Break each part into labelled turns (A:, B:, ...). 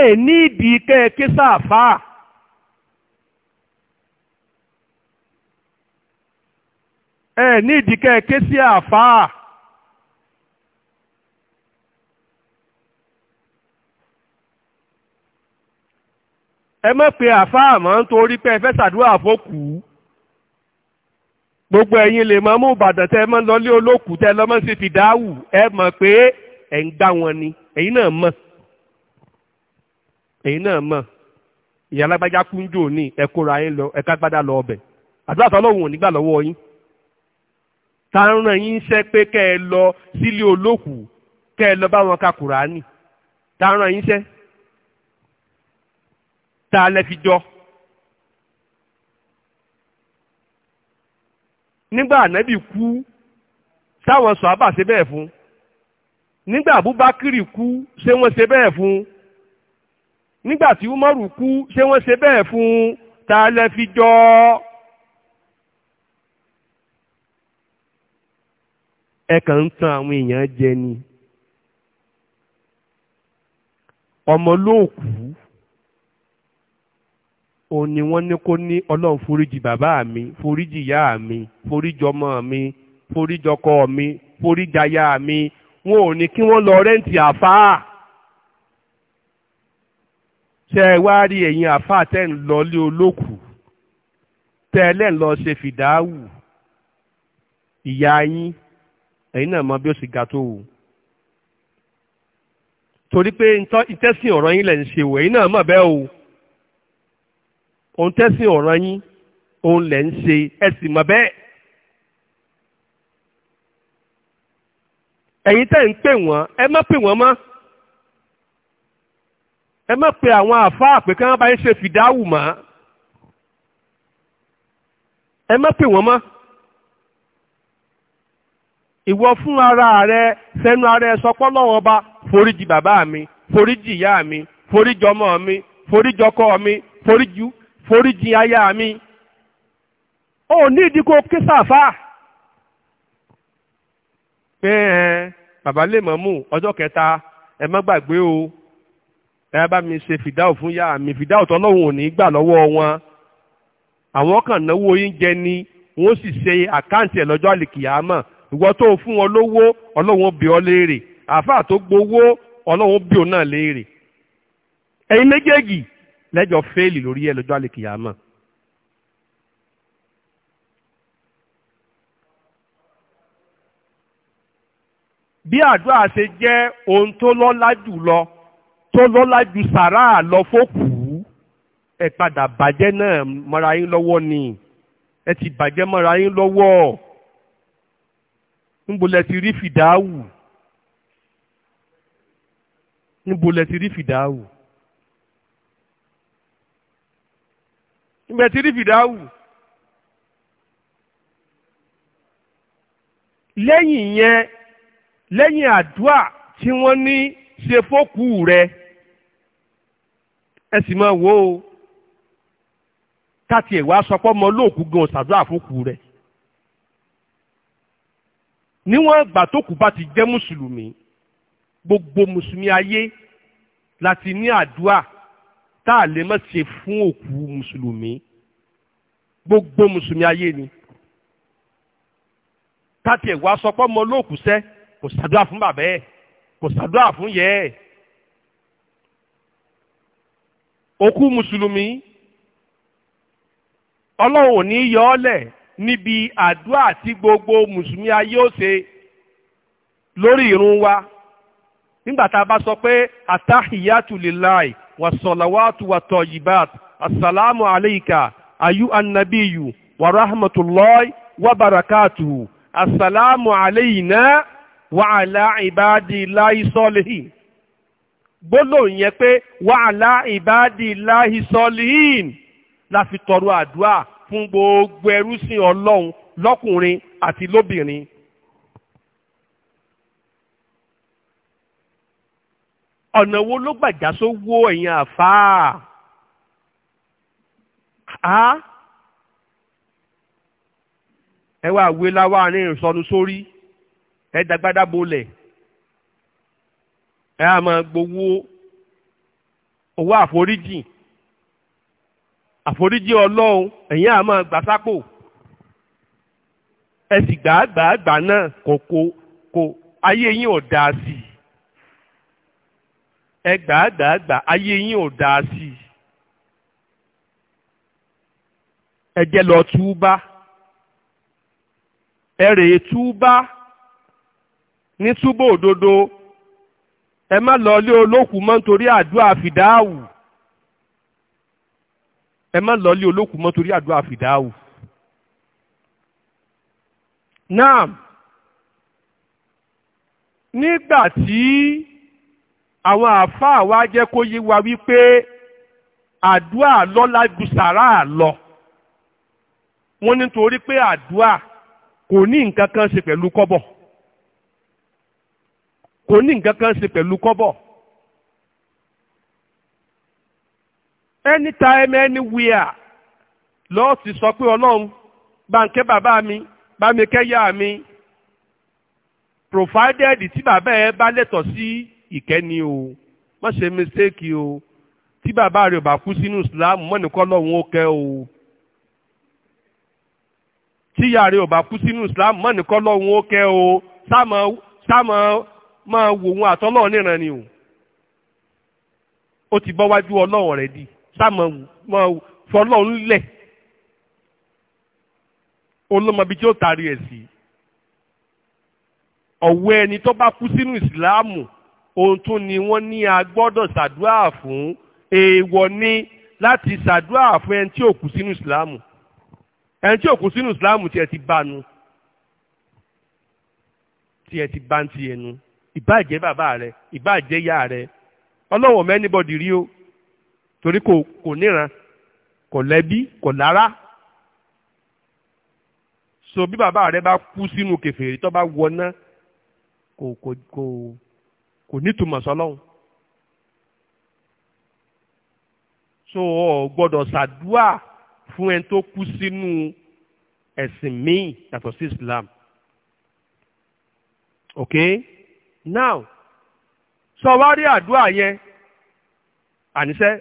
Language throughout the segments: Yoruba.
A: ẹ ní ìdí kẹ́ẹ̀kí sáàfáà ẹ ní ìdí kẹ́ẹ̀kí sí àfáà ẹ mọ̀ pé àfáà mọ́ nítorí pé ẹ fẹ́ ṣàdúrà fókù gbogbo ẹ̀yin lè mọ́ mú ìbàdàn tẹ́ ẹ mọ́ lọ́lé olókùú tẹ́ lọ́mọ́ sí fìdáwù ẹ mọ̀ pé ẹ̀ ń gbá wọn ni ẹ̀yin náà mọ̀ ẹ̀yin náà mọ̀ ìyá alágbájá kú ń jò ní ẹ kóra yín lọ ẹ kágbádá lọ ọbẹ̀ àdúrà tọ́lọ́hùn ò nígbà lọ́wọ́ yín ta ń ràn yín ṣẹ́ pé kẹ́ ẹ lọ sílé olókùú kẹ́ ẹ lọ bá wọn ka kùránì ta ń ràn yín ṣẹ́ ta lẹ fi jọ. nígbà ànábì kú táwọn sọ àbà ṣe bẹ́ẹ̀ fún nígbà àbúbákírì kú ṣé wọ́n ṣe bẹ́ẹ̀ fún nígbà tí umaru kú ṣé wọ́n ṣe bẹ́ẹ̀ fún ta lẹ fi jọ ẹ kàn ń tan àwọn èèyàn jẹ ni ọmọ lóòkù òun ni wọ́n ní kó ní ọlọ́run foríjì bàbá mi foríjì ìyá mi foríjì ọmọ mi foríjì ọkọ mi foríjì aya mi wọn ò ní kí wọ́n lọ rẹ́ǹtì àfáà. tẹ ẹ wá rí ẹ̀yin àfáà tẹ́ ń lọ lé olókù tẹ ẹ lẹ́ń lọ ṣe fìdáwù ìyá yín ẹ̀yin náà mọ bí ó sì ga tó o torí pé ìtẹ́sìn ọ̀rọ̀ yín lẹ̀ ń ṣe o ẹ̀yin náà mọ̀ bẹ́ẹ̀ o òun tẹ́sìn ọ̀rọ̀ yín òun lẹ̀ ń ṣe ẹ sì mọ̀ bẹ́ẹ̀. ẹ̀yin tẹ́ ń pè wọ́n ẹ má pè wọ́n mọ́. ẹ má pe àwọn àfáà pé kí wọ́n bá ń ṣe fìdáwù mọ́ ẹ má pè wọ́n mọ́ ìwọ fún ara rẹ sẹ́nu ara ẹ sọpọ́ lọ́wọ́ ọba foríjì bàbá mi foríjì ìyá mi foríjì ọmọ mi foríjì ọkọ mi foríjì foríjì aya mi ó ní ìdíkò kísàfà pé ẹ bàbá lè mọ̀ mú ọjọ́ kẹta ẹ má gbàgbé o ẹ bá mi ṣe fìdáwò fún yá mi fìdáwò tọ́lọ́hún ò ní gbà lọ́wọ́ wọn àwọn kan náwó yín jẹ ni wọn ó sì ṣe àkáǹtì ẹ̀ lọ́jọ́ àlìkìyàmọ̀ ìwọ tó o fún wọn lówó ọlọ́wọ́n bí ọ léèrè àáfàá tó gbowó ọlọ́wọ́n bí ọ náà léèrè ẹ̀yin méjèèjì lẹ́jọ́ fẹ́ẹ̀lì lórí ẹ̀ lọ́jọ́ àlìkìyàmọ̀. bí àdúrà ṣe jẹ́ ohun tó lọ́lá jù lọ tó lọ́lá ju sàrá lọ fókù ẹ padà bàjẹ́ náà mọ́ra yín lọ́wọ́ ni ẹ ti bàjẹ́ mọ́ra yín lọ́wọ́ níbo lẹ ti rí fìdáwù níbo lẹ ti rí fìdáwù níbo lẹ ti rí fìdáwù lẹ́yìn yẹn lẹ́yìn àdúà tí wọ́n ní ṣe fókù rẹ̀ ẹ sì máa wò ó káti ẹ̀wá sọpọ́ mọ lóòkú gan ṣàdúrà fókù rẹ̀ níwọ̀n ìgbà tó kù bá ti jẹ́ mùsùlùmí gbogbo mùsùlùmí ayé láti ní àdúà tá a lè má ṣe fún òkú mùsùlùmí gbogbo mùsùlùmí ayé ni káti ẹ̀wá sọpọ́ mọ lóòkú sẹ́ kò ṣàdúrà fún bàbá ẹ̀ kò ṣàdúrà fún yẹ́ ẹ̀ oku musulumi ọlọ́run ò ní yọ níbi àdúrà tí gbogbo musulmi ayé lori ṣe lórí ìrun wa nígbà a bá sọ pé atahiyatu salawatu wasalawatu watoyibat asalaamu aleika ayu annabiyu wa rahmatulahi wa barakatu, asalaamu aleina wa ala ibadi gbólóhùn yẹn pé wàhálà ìbádì láhìsọ́lìhìn la fi tọrọ àdúrà fún gbogbo ẹrúsìn ọlọ́run lọ́kùnrin àti lóbìnrin. ọ̀nà wo ló gbàjá sówó ẹ̀yìn àfáà á ẹ wá wé láwa àárín ìsọnu sórí ẹ dàgbádàbò ẹ á máa gbowó owó àforíjì àforíjì ọlọ́run ẹ̀yin á máa gbà sápò ẹ sì gbàgbàgbà náà kò kò kò ayé yín ò dáa sí i ẹ gbàgbàgbà ayé yín ò dáa sí i ẹ jẹ́ lọ túbá ẹ rèé túbá ní túbọ̀ òdodo ẹ má lọ lé olókù mọ́ nítorí àdúrà fìdáwù ẹ má lọ lé olókù mọ́ nítorí àdúrà fìdáwù. náà nígbà tí àwọn àáfàá wa jẹ́ kó yé wa wípé àdúrà lọ́lá ju sàrà lọ wọ́n nítorí pé àdúrà kò ní nǹkan kan ṣe pẹ̀lú kọ́bọ̀ kò ní nǹkan kan ṣe pẹ̀lú kọ́bọ̀ anytime anywhere lọ́ọ́ ti sọ pé ọlọ́run báńkẹ́ bàbá mi bámikẹ́ yá mi provided tí bàbá ẹ bá lẹ́tọ̀ sí ìkẹ́ni o má ṣe mistake o tí bàbá rẹ̀ bá kú sínú Islam mọ́nìkọ́ lọ́hùn ó kẹ́ o tí ìyá rẹ̀ bá kú sínú Islam mọ́nìkọ́ lọ́hùn ó kẹ́ o sámọ sámọ máa wò wọn àtọ́lọ́ níran ni o ó ti bọ́ wájú ọlọ́run rẹ̀ di sáà máa fọlọ́run lẹ̀ olómọbi tí ó taari ẹ̀ sí ọ̀wọ́ ẹni tó bá kú sínú ìsìláàmù ohun tó ni wọ́n ní a gbọ́dọ̀ ṣàdúrà fún èèwọ̀ ni láti ṣàdúrà fún ẹni tí ò kú sínú ìsìláàmù ẹni tí ò kú sínú ìsìláàmù tiẹ̀ ti bánu tiẹ̀ ti bá nu ìbáàjẹ́ bàbá rẹ ìbáàjẹ́ ìyá rẹ ọlọ́wọ̀n mẹ́nibọ́dì rí o torí kò kò níran kò lẹ́bí kò lára so bí bàbá rẹ bá kú sínú kèfèrí tó bá wọná kò kò kò kò nítumọ̀ sọlọ́hún so ọ gbọ́dọ̀ ṣàdúà fún ẹni tó kú sínú ẹ̀sìn míì yàtọ̀ sí Islam okay. now sọwárí àdúrà yẹn àníṣẹ́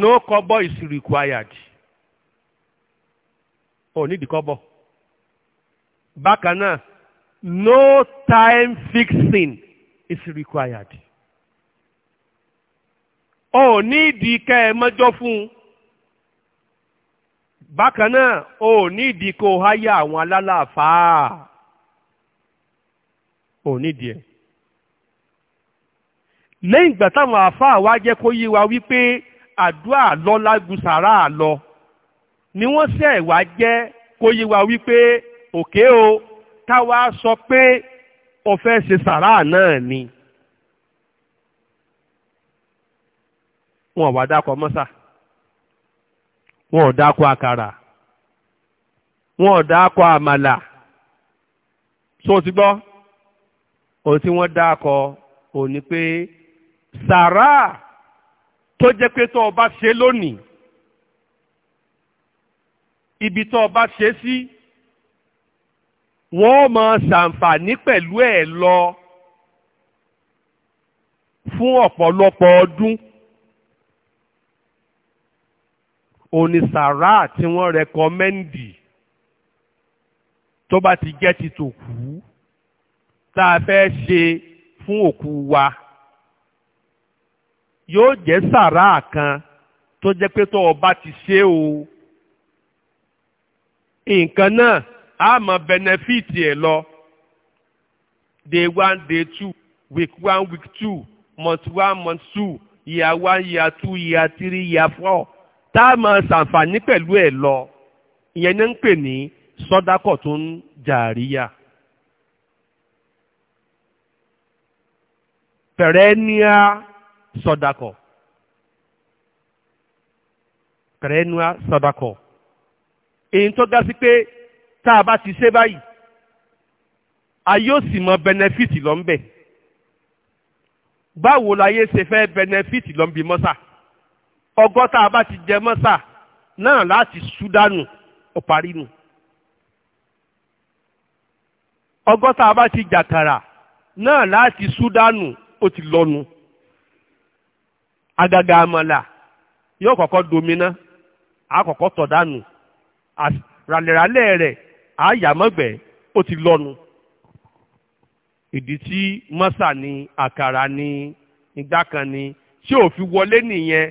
A: no kọbọ is required ò nídìí kọ́bọ̀ bákan náà no time fixing is required ò nídìí kẹ́ ẹ mọjọ fún un bákan náà ò nídìí kó háyà àwọn alálàáfáà. ò nídìí ẹ̀. lẹ́yìn ìgbà táwọn àáfàá wa jẹ́ kó yé wa wípé àdúrà lọ lágùsàrà lọ ni wọ́n ṣẹ̀ wá jẹ́ kó yé wa wípé òkè o táwa sọ pé o fẹ́ ṣe sàrà náà ni. wọn ò wá dákọ mọ́sà wọn ò dákọ àkàrà wọn ò dákọ àmàlà so ti gbọ́ ohun tí wọ́n dákọ ò ní pé sàrà tó jẹ́ pé tó o bá ṣe lónìí ibi tó o bá ṣe sí wọ́n máa ṣàǹfààní pẹ̀lú ẹ̀ lọ fún ọ̀pọ̀lọpọ̀ ọdún òní sàrà tí wọ́n rẹkọmẹ́ndì tó bá ti jẹ́ ti tòkú tá a fẹ́ ṣe fún òkú wa yóò jẹ́ sàráà kan tó jẹ́ pé tó o ti ṣe o nǹkan náà a mọ bẹnẹfíìtì ẹ̀ lọ day one day two week one week two month one month two year one year two year three year four tá a máa ṣàǹfààní pẹ̀lú ẹ̀ lọ ìyẹn ní ń pè ní sọ́dákọ̀ tó ń jàríyà. perennial sọdakọ perennial sọdakọ èyí tó ga sí pé tá a bá ti ṣe báyìí a yóò sì mọ bẹnẹfìtì lọ ń bẹ báwo láyé ṣe fẹ́ bẹnẹfìtì lọ ń bi mọ́sà ọgọ́ta a bá ti jẹ mọ́sà náà láti súdánù ó parí nù ọgọ́ta a bá ti jàkàrà náà láti súdánù ó ti lọ́nu àgàgà àmàlà yóò kọ̀kọ́ domina àkọ́kọ́ tọ̀dánù ràlẹ̀ràlẹ̀ rẹ̀ àyàmọ́gbẹ̀ ó ti lọ́nu ìdí tí mọ́sà ni àkàrà ni igbá kan ni tí ò fi wọlé nìyẹn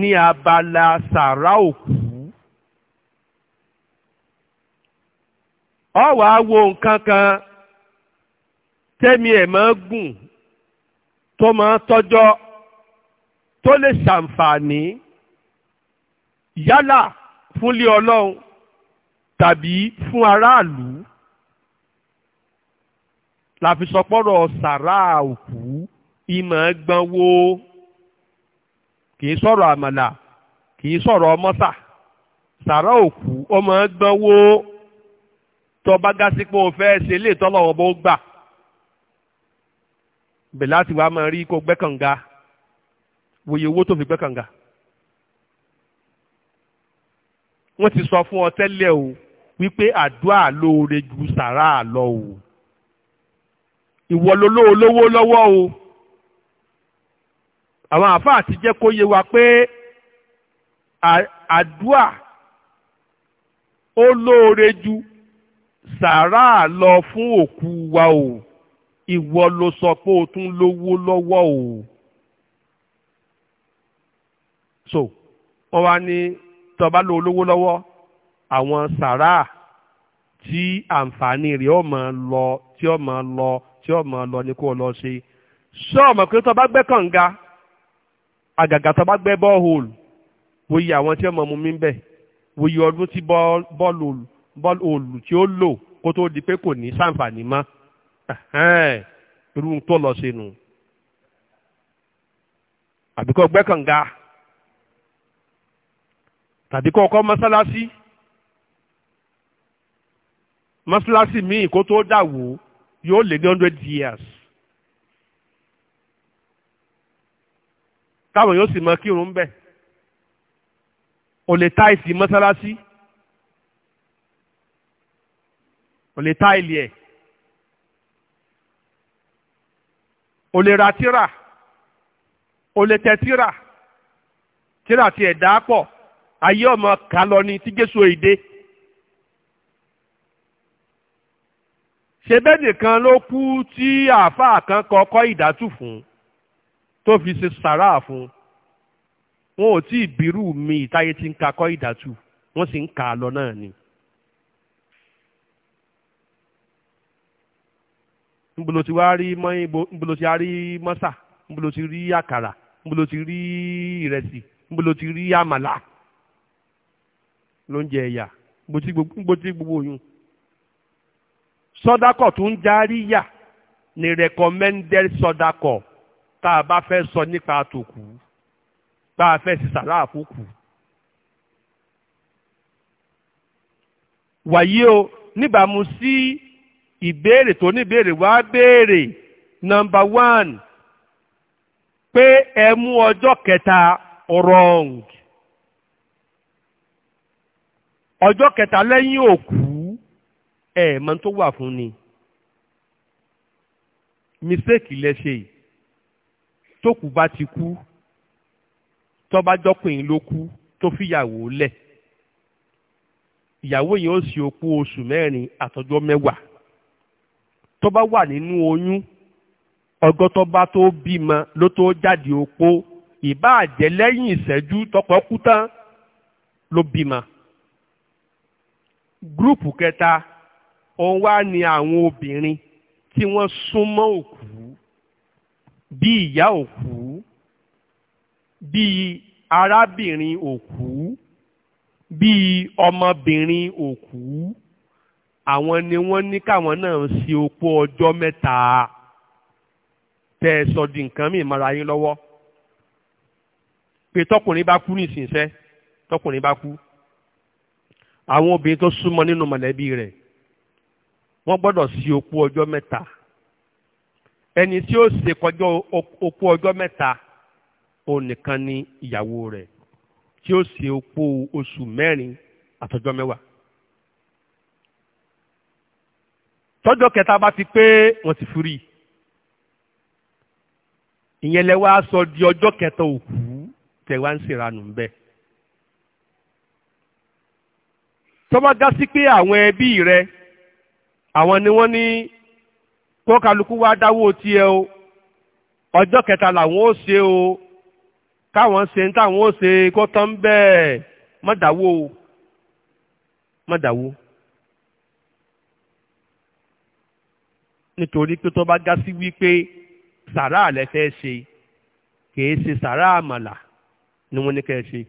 A: ní abala sàrà òkú ọ wàá wo nǹkan kan tẹ́mi ẹ̀ máa gùn tó máa tọ́jọ́ tó lè ṣàǹfààní yálà fúnlé ọlọ́run tàbí fún aráàlú làfisọpọ́rọ̀ sàrà òkú ìmọ̀ gbọ́nwó kìí sọ̀rọ̀ àmàlà kìí sọ̀rọ̀ mọ́sà sàrà òkú ọmọ gbọ́nwó tọ́ba gásípò fẹ́ ṣe lè tọ́lọ́wọ́ bó gbà bẹ̀ láti wàá máa rí kó gbẹ́ kànga wòye owó tó fi gbẹ́ kànga. wọ́n ti sọ fún ọ tẹ́lẹ̀ o wípé àdúrà lóore ju sàrà lọ o ìwọ ló lówó lọ́wọ́ o àwọn àáfàá ti jẹ́ kó yé wa pé àdúrà ó lóore ju sàrà lọ fún òkú wa o ìwọ ló sọ pé o tún lówó lọ́wọ́ o so wọ́n wá ní tó lo olówó lọ́wọ́ àwọn sàrà tí àǹfààní rẹ̀ ó máa lọ tí ó máa lọ tí ó máa lọ ní kó o lọ ṣe ṣé ọmọ pé tó bá gbẹ́ kànga àgàgà tó bá gbẹ́ bọ́ọ̀hùlù wòye àwọn tí ó máa mú mi bẹ̀ wòye ọdún tí bọ́ọ̀lù tí ó lò kó tó di pé kò ní sàǹfààní mọ́ irú tó lọ sí nu àbí kó gbẹ́ kànga tàbí kó kọ́ mọ́sálásí mọ́sálásí míì kó tó dà wò yóò lé ní hundred years táwọn yóò sì mọ kírun ń bẹ̀ o lè ta ìsì mọ́sálásí o lè ta ilé ẹ̀. o lè ra tíra o lè tẹ tíra tíra ti ẹ̀dá pọ̀ ayé ọmọ kà lọ ni tí Jésù èdè ṣe bẹ́ẹ̀ nìkan ló kú tí àáfàá kan kọ́kọ́ ìdátù fún tó fi ṣe sàrà fún wọn ò tí ì bírù mi ìtayé ti ń kakọ́ ìdátù wọ́n sì ń kà á lọ náà ni. nbolo ti wá rí mọ́ ibo nbolo ti rí mọ́sà nbolo ti rí àkàrà nbolo ti rí ìrẹsì nbolo ti rí àmàlà ló ń jẹ ẹ̀yà nbó gbogbo oyún sọdakọ tó ń járí yà ni recommended sọdakọ tá a bá fẹ́ sọ nípa àtòkù tá a fẹ́ sísà láàfókù. wàyí o níbàámu sí. Si, ìbéèrè tó ní ìbéèrè wá béèrè nọmba one pé ẹ mú ọjọ́ kẹta wrong ọjọ́ kẹta lẹ́yìn òkú ẹ̀ mọ̀ tó wà fún ni mistake lẹ ṣe yìí tókù bá ti kú tọ́ba jọ́kùnrin ló kú tó fìyàwó lẹ̀ ìyàwó yìí ó sì okú oṣù mẹ́rin àtọjọ́ mẹ́wàá tó bá wà nínú oyún ọgọ́ tó bá tó bímọ ló tó jáde opó ìbáà jẹ́ lẹ́yìn ìṣẹ́jú tọkọ kú tán ló bímọ. gúrùpù kẹta òun wá ní àwọn obìnrin tí wọ́n súnmọ́ òkú bí ìyá òkú bí arábìnrin òkú bí ọmọbìnrin òkú àwọn ni wọ́n ní káwọn náà ń ṣe opó ọjọ́ mẹ́ta tẹ́ ẹ sọ di nǹkan mìíràn mara yín lọ́wọ́ pé tọkùnrin bá kú nísinsẹ́ tọkùnrin bá kú àwọn obìnrin tó súnmọ́ nínú mọ̀lẹ́bí rẹ̀ wọ́n gbọ́dọ̀ ṣe opó ọjọ́ mẹ́ta ẹni tí ó ṣe kọjá opó ọjọ́ mẹ́ta òun nìkan ni ìyàwó rẹ̀ tí ó ṣe opó oṣù mẹ́rin àtọjọ́ mẹ́wàá. tọ́jọ́ kẹta bá ti pé wọ́n ti firi ìyẹn lẹ wá sọ di ọjọ́ kẹta òkú tẹ wá ń ṣèranù ń bẹ. tọ́ba dá sí pé àwọn ẹbí rẹ àwọn ni wọ́n ní kó kálukú wá dáwó tiẹ̀ o ọjọ́ kẹta làwọn ó ṣe o káwọn ṣe ń táwọn ó ṣe kó tán bẹ́ẹ̀ mọ́dàwó o nítorí pé tó bá gá sí wípé sàrá lẹ fẹ́ ṣe kìí ṣe sàrá àmàlà ni wọ́n ní kẹ́ ẹ ṣe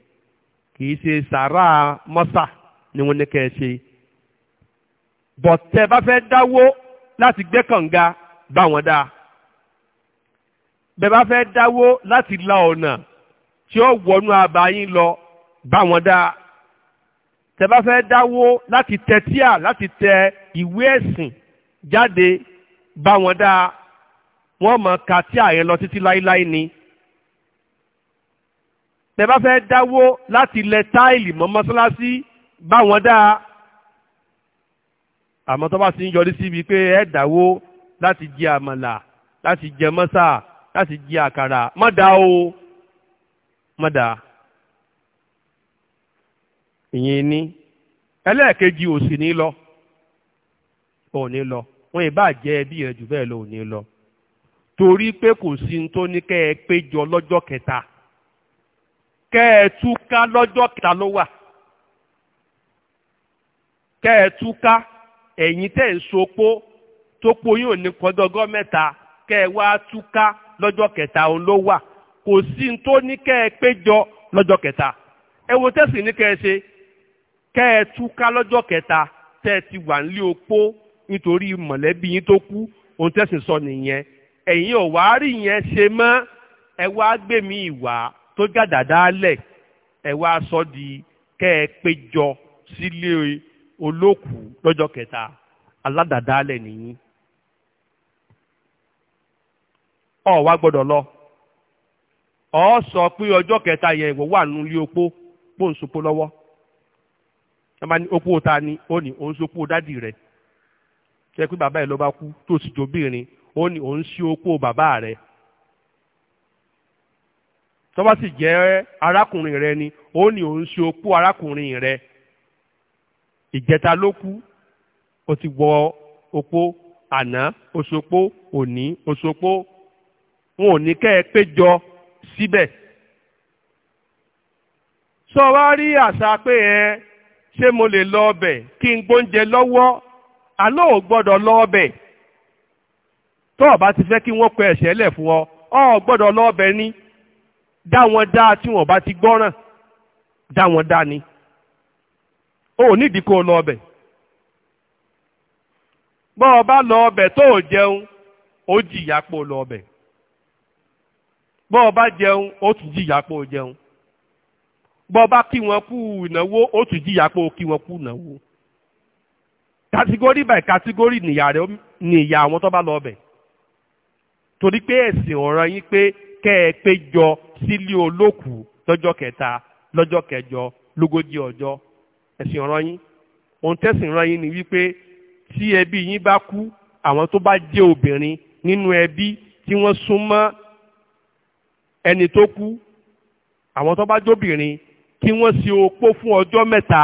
A: kìí ṣe sàrá mọ́sà ni wọ́n ní kẹ́ ẹ ṣe bọ̀tẹ́ bá fẹ́ dáwó láti gbẹ́ kànga bá wọn dáa bẹ́ẹ̀ bá fẹ́ dáwó láti la ọ̀nà tí ó wọnú abayín lọ bá wọn dáa tẹ́ bá fẹ́ dáwó láti tẹ tíà láti tẹ ìwé ẹ̀sìn jáde bá wọn dáa wọ́n mọ̀ ká tí àyẹ̀ lọ títí láíláí ni tẹ́ bá fẹ́ dáwó láti lẹ táìlì mọ́ mọ́sálásí bá wọn dáa àmọ́ tó bá sì ń yọrí síbi pé ẹ dáwó láti jẹ àmàlà láti jẹ mọ́sà láti jẹ àkàrà má dá o má dá ìyẹn ní ẹlẹ́ẹ̀kejì ò sì ní lọ ò ní lọ wọn ì bá jẹ ẹbí rẹ jù bẹ́ẹ̀ lọ ò ní lọ torí pé kò sí ní tó ní kẹ́ ẹ péjọ lọ́jọ́ kẹta kẹ́ ẹ túká lọ́jọ́ kẹta ló wà kẹ́ ẹ túká ẹ̀yin tẹ̀ ń sopó tó po yín ò ní kọ́dọ́gọ́ mẹ́ta kẹ́ ẹ wá túká lọ́jọ́ kẹta òun ló wà kò sí ní tó ní kẹ́ ẹ péjọ lọ́jọ́ kẹta ẹ wo tẹ́sí ní kẹ́ ẹ ṣe kẹ́ ẹ túká lọ́jọ́ kẹta tẹ́ ẹ ti wà nílé opó. nítorí mọ̀lẹ́bí yín tó kú ohun tẹ́sìn sọ nìyẹn ẹ̀yin ò rí yẹn ṣe mọ́ ẹ wá gbé mi ìwà tó gàdàdà lẹ̀ sọ di kẹ́ ẹ péjọ sílé olókùú lọ́jọ́ kẹta aládàdà lẹ̀ nìyí. ọ wá gbọdọ lọ ọ sọ pé ọjọ́ kẹta yẹn ìwọ wà nílé opó pò ń sopó lọ́wọ́ ta ni ó ní ó ń ṣe pé bàbá ẹ ló bá kú tó sì jóbìnrin ó ní òun sí opó bàbá rẹ tó bá sì jẹ́ arákùnrin rẹ ni ó ní òun sí opó arákùnrin rẹ ìjẹta ló kú ó ti wọ opó àná oṣopó òní oṣopó wọn ò ní kẹ́ ẹ péjọ síbẹ̀ sọ wá rí àṣà pé ẹ ṣé mo lè lọ ọbẹ̀ kí n gbóúnjẹ lọ́wọ́ àlọ́ ò gbọ́dọ̀ lọ ọbẹ̀ tó o bá ti fẹ́ kí wọ́n kọ ẹ̀ṣẹ̀ lẹ̀ fún ọ ọ gbọ́dọ̀ lọ ọbẹ̀ ní dá wọn dá tí wọn bá ti gbọ́ràn dá wọn dá ni o ò nídìí kó o lọ ọbẹ̀ bọ́ ọ bá lọ ọbẹ̀ tó o jẹun ó jìyà pé o bọ́ ọ jẹun ó tún jìyà pé jẹun bọ́ ọ kí wọn kú ìnáwó ó tún jìyà pé kí wọn kú ìnáwó kàtígórì by kàtígórì nìyà àwọn tó bá lọ ọbẹ̀ torí pé ẹ̀sìn ọ̀ràn yín pé kẹ́ ẹ péjọ sílé olókùú lọ́jọ́ kẹta lọ́jọ́ kẹjọ lógójì ọjọ́ ẹ̀sìn ọ̀ràn yín ohun tẹ̀sìn ọ̀ràn yín ni wípé tí ẹbí yín bá kú àwọn tó bá jẹ́ obìnrin nínú ẹbí tí wọ́n súnmọ́ ẹni tó kú àwọn tó bá jóbìnrin kí wọ́n ṣe opó fún ọjọ́ mẹ́ta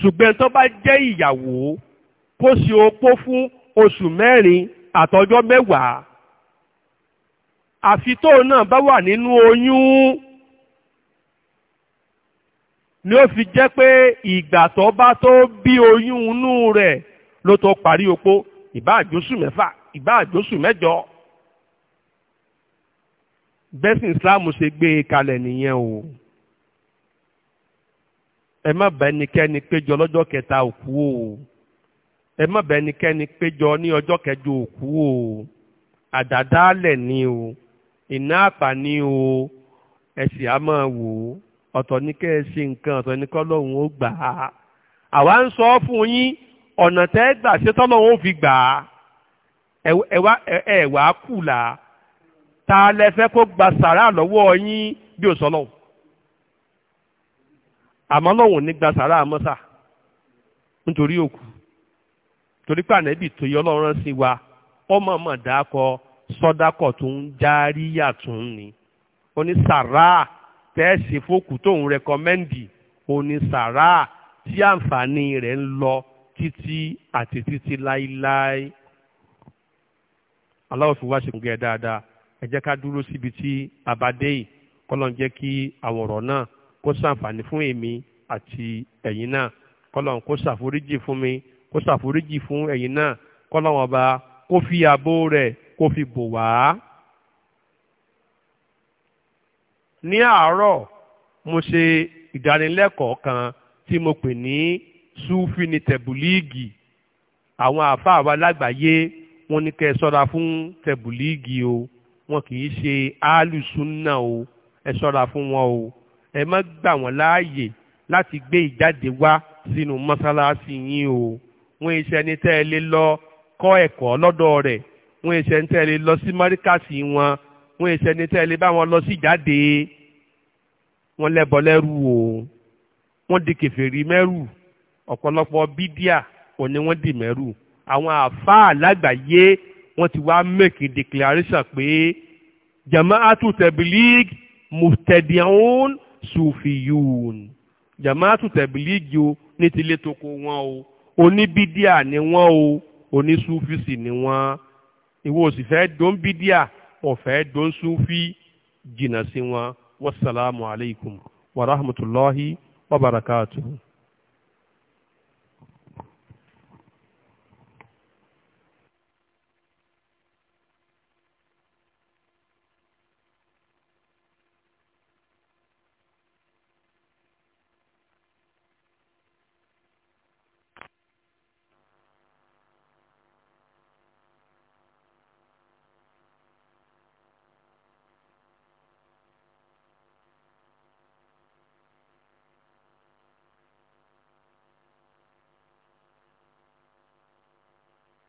A: ṣùgbọ́n tó bá jẹ́ ìyàwó kó ṣe opó fún oṣù mẹ́rin àtọjọ́ mẹ́wàá àfi náà bá wà nínú oyún ni ó fi jẹ́ pé ìgbà tó bá tó bí oyún inú rẹ̀ ló tó parí opó ìbá mẹ́fà ìbá mẹ́jọ bẹ́sìn Islam ṣe gbé e kalẹ̀ nìyẹn o. ẹ má bá ẹnikẹ́ni péjọ lọ́jọ́ kẹta òkú o ẹ má bá ẹnikẹ́ni péjọ ní ọjọ́ kẹjọ òkú o àdàdálẹ̀ ni o iná ni o ẹ̀sìn á máa wò ó ọ̀tọ̀ ní kẹ́ ẹ ṣe nǹkan ọ̀tọ̀ ní kọ́lọ́hún ó gbà á àwa ń sọ fún yín ọ̀nà tẹ́ ẹ fi gbà á ẹ ta lẹ fẹ́ kó gba sàrà lọ́wọ́ yín bí àmọ́ lọ́wọ́n ní gba sàrà àmọ́sà nítorí òkú torí pé ànábì tó yọ ọlọ́run sí wa ọmọ ọmọ dákọ sọ́dákọ̀ tó ń járíyà tó ń ni onísàrà tẹ́ẹ̀sì fókù tó ń rẹkọmẹ́ndì onísàrà tí àǹfààní rẹ̀ ń lọ títí àti títí láíláí. aláwọ̀ fi wá ṣe kúngẹ́ dáadáa ẹ jẹ́ ká dúró síbi tí àbádé yìí kọ́lọ́n jẹ́ kí àwọn náà kó ṣàǹfààní fún èmi àti ẹ̀yin náà kọ́lọ́n kó ṣàforíjì fún mi kó ṣàforíjì fún ẹ̀yin náà kọ́lọ́n ọba kó fi ààbò rẹ̀ kó fi bò wá. ní àárọ̀ mo ṣe ìdánilẹ́kọ̀ọ́ kan tí mo pè ní sùfìní tẹ̀bùlíìgì àwọn àáfàá wa lágbàáyé wọ́n ní kẹ́ ẹ ṣọ́ra fún tẹ̀bùlíìgì o wọn kì í ṣe áálùsùn náà o ẹ ṣọ́ra fún wọn o ẹ má gbà wọ́n láàyè láti gbé ìjáde wá sínú mọ́sálásí yín o wọ́n iṣẹ́ ní tẹ́ ẹ lé lọ kọ́ ẹ̀kọ́ lọ́dọ̀ rẹ̀ wọ́n iṣẹ́ ní tẹ́ ẹ lé lọ sí mọ́ríkàsì wọn wọ́n iṣẹ́ ní tẹ́ bá wọn lọ sí ìjáde wọ́n lẹ́bọ lẹ́rù o wọ́n di kèfèrí mẹ́rù ọ̀pọ̀lọpọ̀ bídíà ò ní wọ́n di mẹ́rù àwọn àfáà lágbàáyé wọ́n ti wá make declaration pé jamaatu tabligh muftadi'un sufiyun jamaatu tẹ̀bílíìgì o ní tilé toko wọn o oníbídíà ni wọn o onísúfìsì ni wọn ìwọ òsì fẹ́ dón bídíà ọ̀fẹ́ dón súfì jìnnà sí wọn wasalaamu wa rahmatulahi wa barakatuhu.